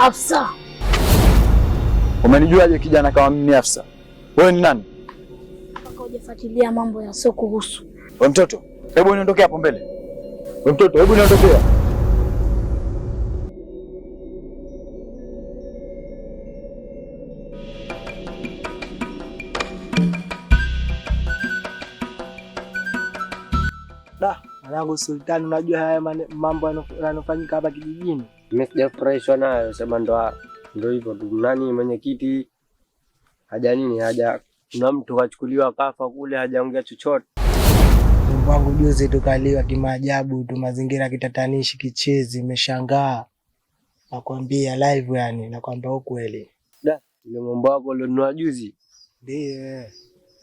Afsa. Umenijuaje kijana kama mimi Afsa? Wewe ni nani? Kaka, hujafuatilia mambo ya soko kuhusu. Wewe mtoto, hebu niondokee hapo mbele. Wewe mtoto, hebu niondokea. Da, mwanangu Sultani, unajua haya mambo yanofanyika hapa kijijini mimi sijafurahishwa nayo, sema ndo ndo hivyo tu. Nani mwenyekiti haja nini haja, kuna mtu kachukuliwa kafa kule, hajaongea chochote wangu. Juzi tukaliwa kimaajabu tu, mazingira kitatanishi, kichezi, imeshangaa nakwambia, live yani, nakwambia ukweli. Da, ile mambo yako ulionua juzi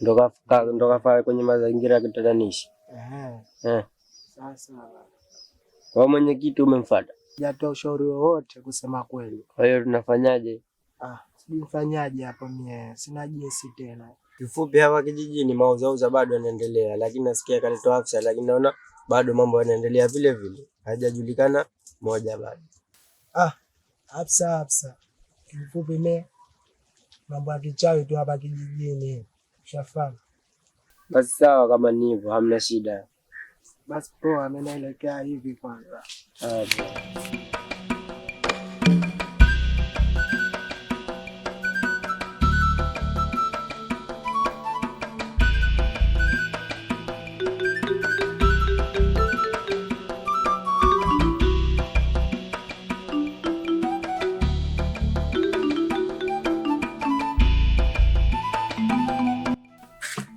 ndio ndo kafa kwenye mazingira ya kitatanishi. Eh. Sasa wewe mwenyekiti umemfuata sijatoa ushauri wowote kusema kweli. Kwa hiyo tunafanyaje? Ah, sijui mfanyaje hapo, mie sina jinsi tena. Kifupi hapa kijijini mauzauza bado yanaendelea, lakini nasikia kalitoa afisa, lakini naona bado mambo yanaendelea vile vile, hajajulikana moja bado. Ah, afisa afisa, kifupi me mambo ya kichawi tu hapa kijijini, ushafahamu. Basi sawa, kama ni hivyo hamna shida. Basi poa, mimi naelekea hivi kwanza.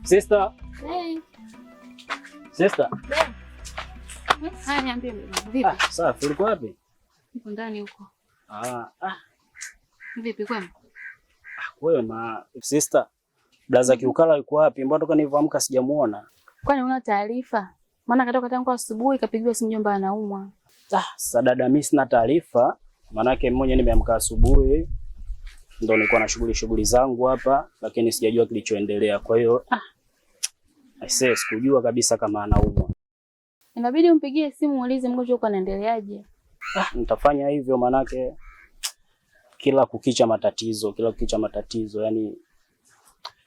Sister. Hey. Sister. Hey. Haya, niambie ah, vipi? Ah, safi. wapi? Niko ndani huko. Ah, ah. Vipi kwema? Ah, kwema. Sister, blaza Kiukala yuko wapi? Mbona toka sijamuona. Kwani una taarifa? Maana katoka tangu asubuhi kapigiwa simu anaumwa. Ah, sasa dada, mimi sina taarifa. Maanake mmoja nimeamka asubuhi ndo nilikuwa na shughuli shughuli zangu hapa, lakini sijajua kilichoendelea. Kwa hiyo ah, sikujua kabisa kama anaumwa inabidi umpigie simu uulize mgonjwa uko anaendeleaje. Ah, nitafanya hivyo manake kila kukicha matatizo, kila kukicha matatizo, yani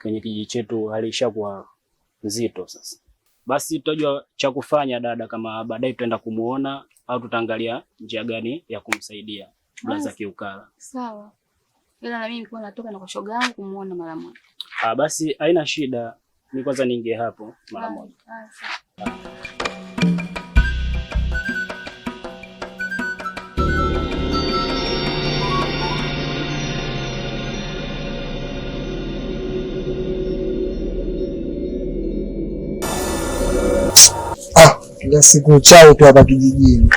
kwenye kijiji chetu hali ishakuwa nzito sasa. Basi tutajua cha kufanya dada, kama baadaye tutaenda kumuona au tutaangalia njia gani ya kumsaidia blaza Kiukala. Sawa. Ila na mimi nilikuwa natoka na kashoga yangu kumuona mara moja. Ah, basi haina shida. ni kwanza niingie hapo mara moja. kila siku uchawi tu hapa kijijini.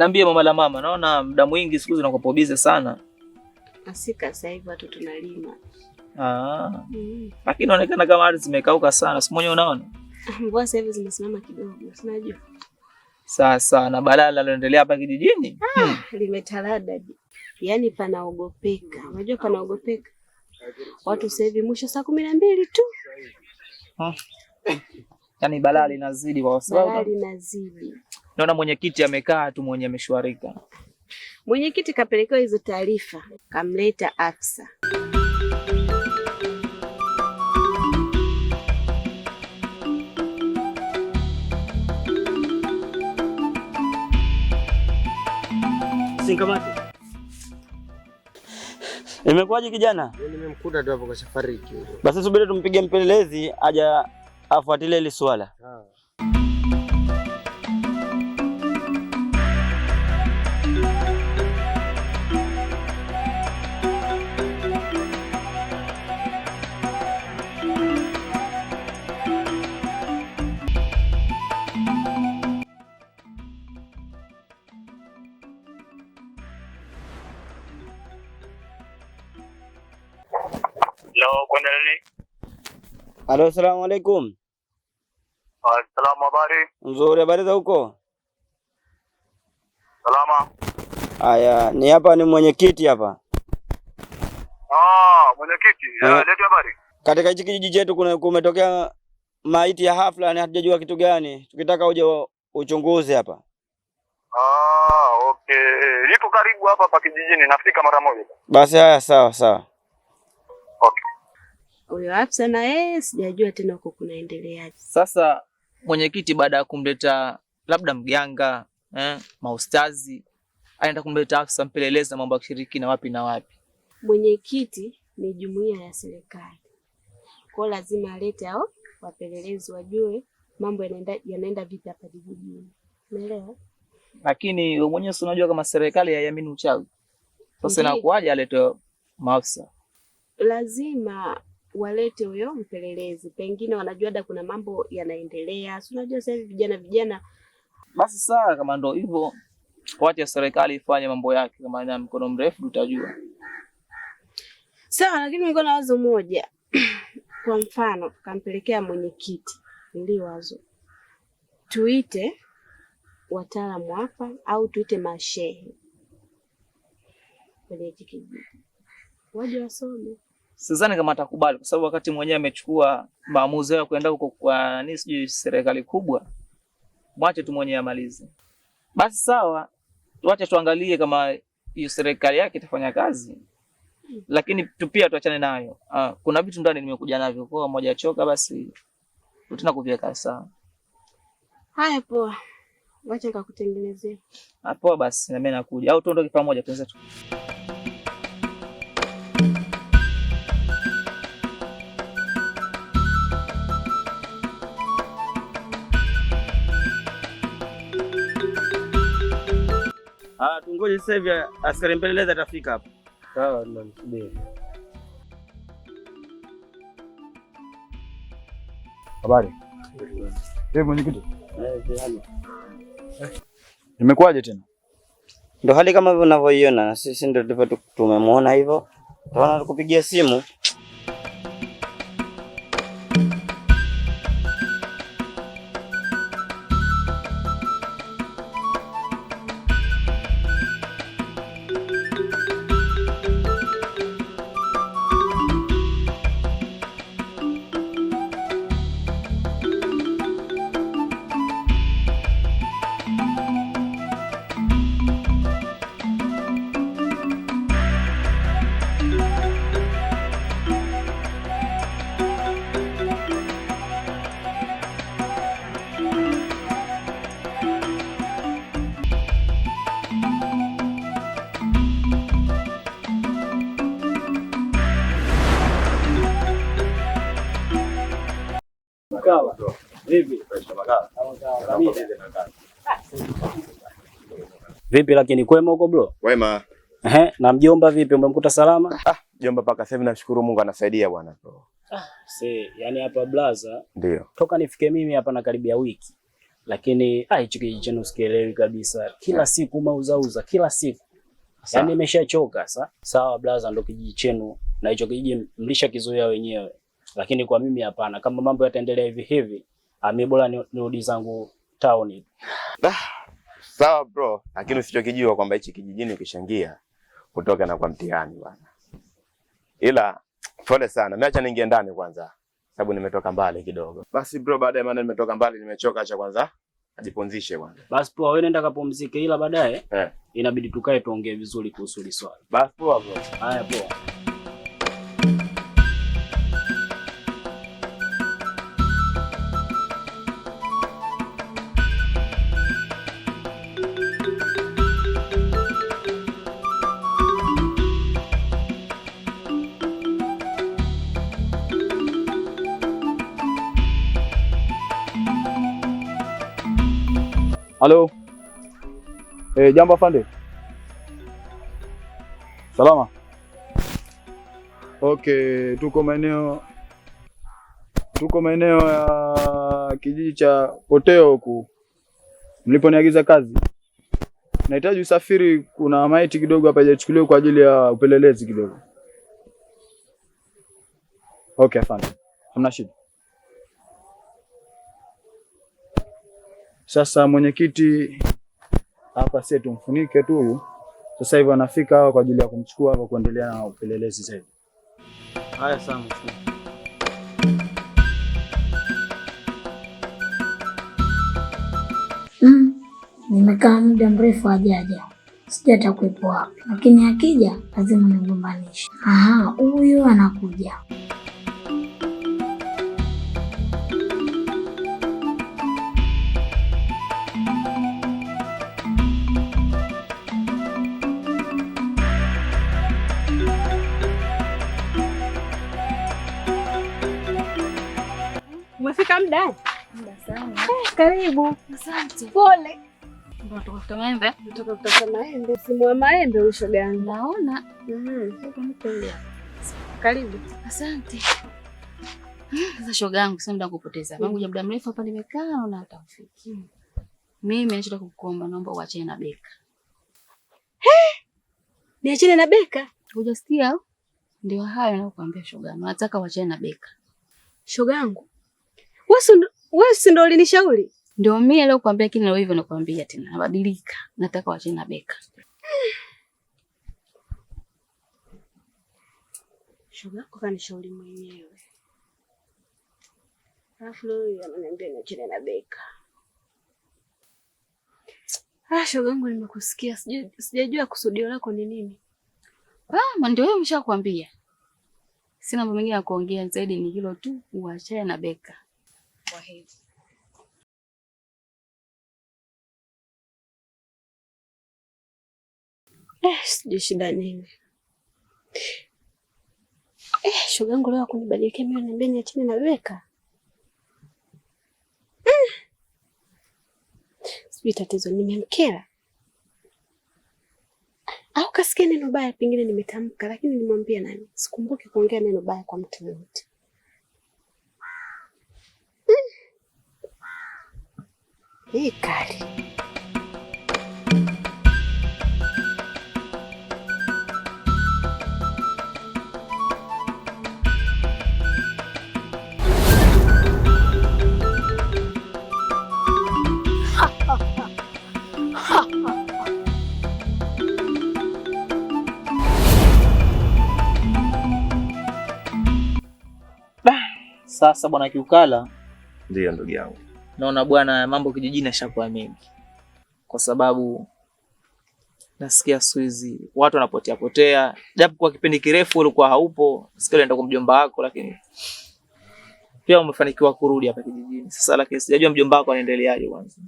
Niambie mama la mama, naona muda mwingi siku hizi unakuwa busy sana. Asika sasa hivi watu tunalima. Ah. Mm. Lakini inaonekana kama ardhi zimekauka sana. Si mwenyewe unaona? Mvua sasa hivi zimesimama kidogo. Unajua. Sasa na balaa linaloendelea hapa kijijini? Ah, hmm. Limetalada. Yaani panaogopeka. Unajua panaogopeka. Watu sasa hivi mwisho saa kumi na mbili tu. Ah. Yaani balaa linazidi kwa sababu balaa linazidi. Naona mwenyekiti amekaa tu mwenye ameshwarika. Mwenyekiti kapelekewa hizo taarifa, kamleta afisa Singamati. Imekuwaje kijana? Nimemkuta tu hapo kwa safari. Basi subiri tumpige mpelelezi aja afuatilie hili swala. Halo, salamu alaikum. Asalamu, habari nzuri. Habari za huko? Salama. Haya, ni hapa ni mwenyekiti hapa. Ah, mwenyekiti. Eh. Eh, leti habari. Katika hichi kijiji chetu kuna kumetokea maiti ya hafla na hatujajua kitu gani, tukitaka uje uchunguze hapa. Ah, okay. Niko karibu hapa hapa kijijini, nafika mara moja. Basi haya, sawa sawa. Okay huyo Hafsa na yeye sijajua tena huko kunaendeleaje. Sasa mwenyekiti, baada ya kumleta labda mganga eh, maustazi, anaenda kumleta Hafsa mpeleleza mambo ya kishirikina wapi na wapi. Mwenyekiti ni jumuiya ya serikali, kwa lazima alete hao wapelelezi wajue mambo yanaenda yanaenda vipi hapa vijijini, unaelewa? Lakini wewe mwenyewe si unajua kama serikali haiamini uchawi, sasa inakuwaje alete maafisa? Lazima walete huyo mpelelezi, pengine wanajua da kuna mambo yanaendelea, si unajua sasa hivi vijana vijana. Basi sawa, kama ndo hivyo, wacha serikali ifanye mambo yake, kama ina mkono mrefu utajua Sawa, lakini niko na wazo moja kwa mfano kampelekea mwenyekiti ili wazo tuite wataalamu hapa au tuite mashehe kwenye kijiji waje wasome Sidhani kama atakubali kwa sababu wakati mwenyewe amechukua maamuzi ya kwenda huko kwa nani sijui serikali kubwa, mwache tu mwenyewe amalize. Basi sawa, tuache tuangalie kama hiyo serikali yake itafanya kazi, lakini tu pia tuachane nayo. Ah, kuna vitu ndani nimekuja navyo, kwa moja choka, basi tutana kuviweka sawa. Haya, poa, wacha nikakutengenezea. Ah, poa basi, na mimi nakuja, au tuondoke pamoja, tuanze tu. Ah, tungoje sasa hivi askari mpelelezi atafika hapa. Sawa, tunamsubiri. Habari. Eh, mwenyekiti. Eh, Nimekuaje tena? Ndio hali kama unavyoiona, na sisi ndio tulivyo tumemwona hivyo. Tunaona tukupigia simu Vipi lakini kwema huko bro? Wema. Ehe, na mjomba vipi umemkuta salama? Ah, mjomba paka sasa hivi nashukuru Mungu anasaidia bwana bro. Ah, see, yani hapa blaza. Ndio. Toka nifike mimi hapa na karibia wiki. Lakini ah, hicho kijiji chenu sikielewi kabisa. Kila yeah, siku mauzauza, kila siku. Yaani nimeshachoka sasa. Sawa blaza, ndo kijiji chenu na hicho kijiji mlisha kizoea wenyewe. Lakini kwa mimi hapana, kama mambo yataendelea hivi hivi mimi ah, bora nirudi zangu town. Sawa bro, lakini usichokijua kwamba hichi kijijini ukishangia kutoka na kwa mtihani bwana. Ila pole sana, mimi acha niingie ndani kwanza, sababu nimetoka mbali kidogo. Basi bro, baada ya maana nimetoka mbali, nimechoka, acha kwanza ajipumzishe bwana. Basi poa, wewe nenda kapumzike, ila baadaye eh, inabidi tukae tuongee vizuri kuhusu swali. Basi poa bro. Haya poa. Halo. Eh, jambo afande. Salama. Okay, tuko maeneo tuko maeneo ya kijiji cha Poteo huku mliponiagiza kazi. Nahitaji usafiri, kuna maiti kidogo hapa haijachukuliwa kwa ajili ya upelelezi kidogo. Okay, afande. Hamna shida. Sasa mwenyekiti hapa, sie tumfunike tu huyu. Sasa hivi anafika hapa kwa ajili ya kumchukua hapa kuendelea na upelelezi zaidi. Haya sana. Mm, nimekaa muda mrefu ajaja sijui atakuwepo hapa, lakini akija lazima nigombanishe. Aha, huyu anakuja. Umefika muda? Karibu. Asante. Pole. maembe? maembe. Simu maembe Naona. Mm-hmm. Karibu. Asante. Hmm, sasa shoga yangu, muda kupoteza. muda mrefu hapa nimekaa hata ufiki. Mimi kukuomba, naomba uachane na Beka. Niachane na Beka? Hujasikia? Ndio hayo nakuambia shoga yangu. Nataka uachane na Beka. Shoga yangu, wewe si ndio ulinishauri? Ndio mimi leo kuambia kile na hivyo nakwambia tena nabadilika. Nataka waachane na Beka. Shoga yako kanishauri mwenyewe. Alafu leo ananiambia niachane na Beka. Ah, shoga yangu nimekusikia. Sijajua kusudio lako ni nini. Ah, ndio wewe umeshakwambia. Sina mambo mengine ya kuongea zaidi ni hilo tu, uachane na Beka kwa hivi eh, sijui shida nini eh, shoga yangu leo akunibadilikia mimi, ananiambia niachane na eh. Sijui tatizo nimemkera au kasikia neno baya, pengine nimetamka, lakini nimwambia nani, sikumbuki kuongea neno baya kwa mtu yoyote. Ih, cara. Sasa bwana Kiukala, ndiyo ndugu yangu. naona bwana, mambo kijijini yashakuwa mengi, kwa sababu nasikia siku hizi watu wanapotea potea, japo kwa kipindi kirefu ulikuwa haupo, sikia ulienda kwa mjomba wako, lakini pia umefanikiwa kurudi hapa kijijini sasa, lakini sijajua mjomba wako anaendeleaje. Kwanza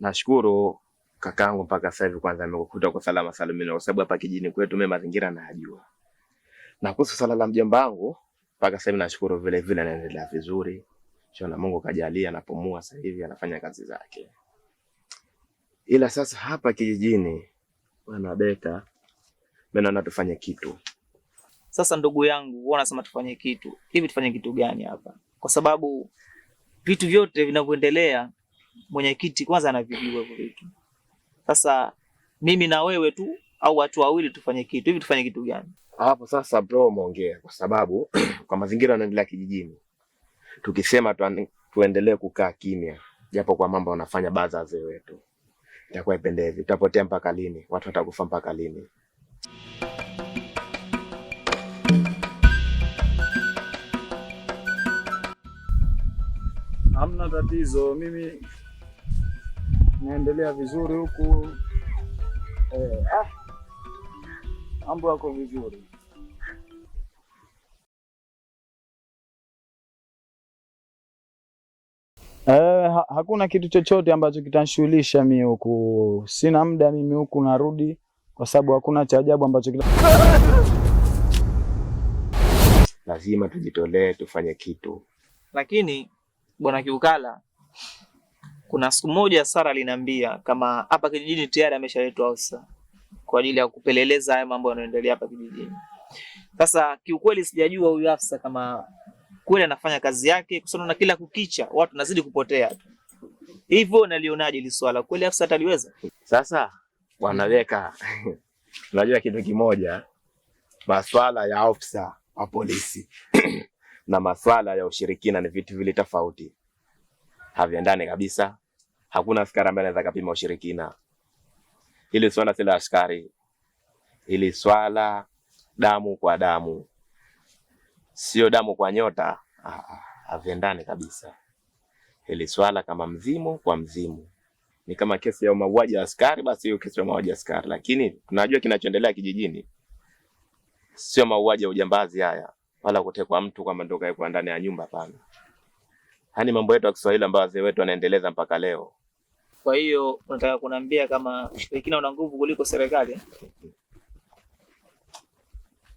nashukuru kakaangu mpaka sasa hivi, kwanza amekukuta kwa salama salimini, kwa sababu hapa kijijini kwetu mimi mazingira najua, na kuhusu swala la mjomba wangu mpaka sasa hivi nashukuru vile vile, anaendelea vizuri na Mungu kajalia, anapumua sasa hivi, anafanya kazi zake. Ila sasa hapa kijijini, bwana Beta, mimi naona tufanye kitu sasa. Ndugu yangu, wewe unasema tufanye kitu hivi, tufanye kitu gani hapa? Kwa sababu vitu vyote vinavyoendelea mwenyekiti kwanza anavijua hivyo vitu. Sasa mimi na wewe tu au watu wawili tufanye kitu hivi, tufanye kitu gani hapo sasa? Bro, umeongea kwa sababu kwa mazingira yanaendelea kijijini tukisema tuendelee kukaa kimya, japo kwa mambo wanafanya baadhi ya wazee wetu, itakuwa ipendezi. Tutapotea mpaka lini? Watu watakufa mpaka lini? Hamna tatizo, mimi naendelea vizuri huku. Eh, ah, mambo yako vizuri. ha, hakuna kitu chochote ambacho kitanishughulisha mimi huku. Sina muda mimi huku, narudi kwa sababu hakuna cha ajabu ambacho kita... lazima tujitolee tufanye kitu. Lakini bwana Kiukala, kuna siku moja Sara aliniambia kama hapa kijijini tayari ameshaletwa afisa kwa ajili ya kupeleleza haya mambo yanayoendelea hapa kijijini. Sasa kiukweli, sijajua huyu afisa kama kweli anafanya kazi yake, kwa sababu na kila kukicha watu nazidi kupotea tu hivyo. Nalionaje hili swala kweli, Afsat ataliweza? Sasa bwana Beka, unajua kitu kimoja, maswala ya ofisa wa polisi na maswala ya ushirikina ni vitu vili tofauti, haviendani kabisa. Hakuna askari ambaye anaweza kupima ushirikina. Hili swala si la askari, hili swala damu kwa damu, sio damu kwa nyota. Ah, ah, haviendani kabisa hili swala kama mzimu kwa mzimu. Ni kama kesi ya mauaji ya askari, basi hiyo kesi ya mauaji ya askari, lakini tunajua kinachoendelea kijijini sio mauaji ya ujambazi haya, wala kutekwa mtu kwa mandoka kaekwa ndani ya nyumba. pana. hani mambo yetu ya Kiswahili ambayo wazee wetu wanaendeleza mpaka leo. Kwa hiyo unataka kuniambia kama ushirikina una nguvu kuliko serikali?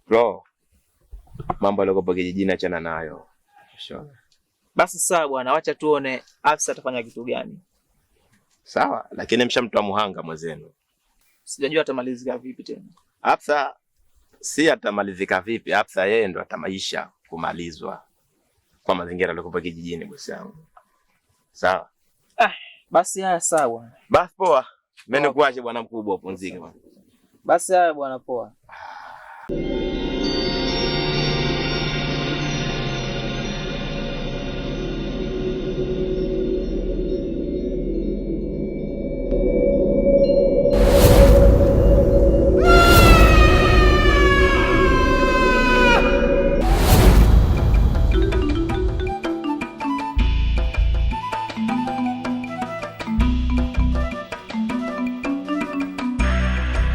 Bro, mambo yaliokopo kijijini achana nayo, sure. Basi sawa bwana, wacha tuone afisa atafanya kitu gani. Sawa, lakini mshamtoa muhanga mwenzenu, sijajua atamalizika vipi tena. Afisa si atamalizika vipi, afisa yeye ndo atamaisha kumalizwa kwa mazingira yaliokuwa kijijini, bosi yangu. Sawa. Ah, basi haya sawa. Basi poa. Mimi nikuache bwana mkubwa, upumzike bwana. Basi haya bwana, poa. Ah.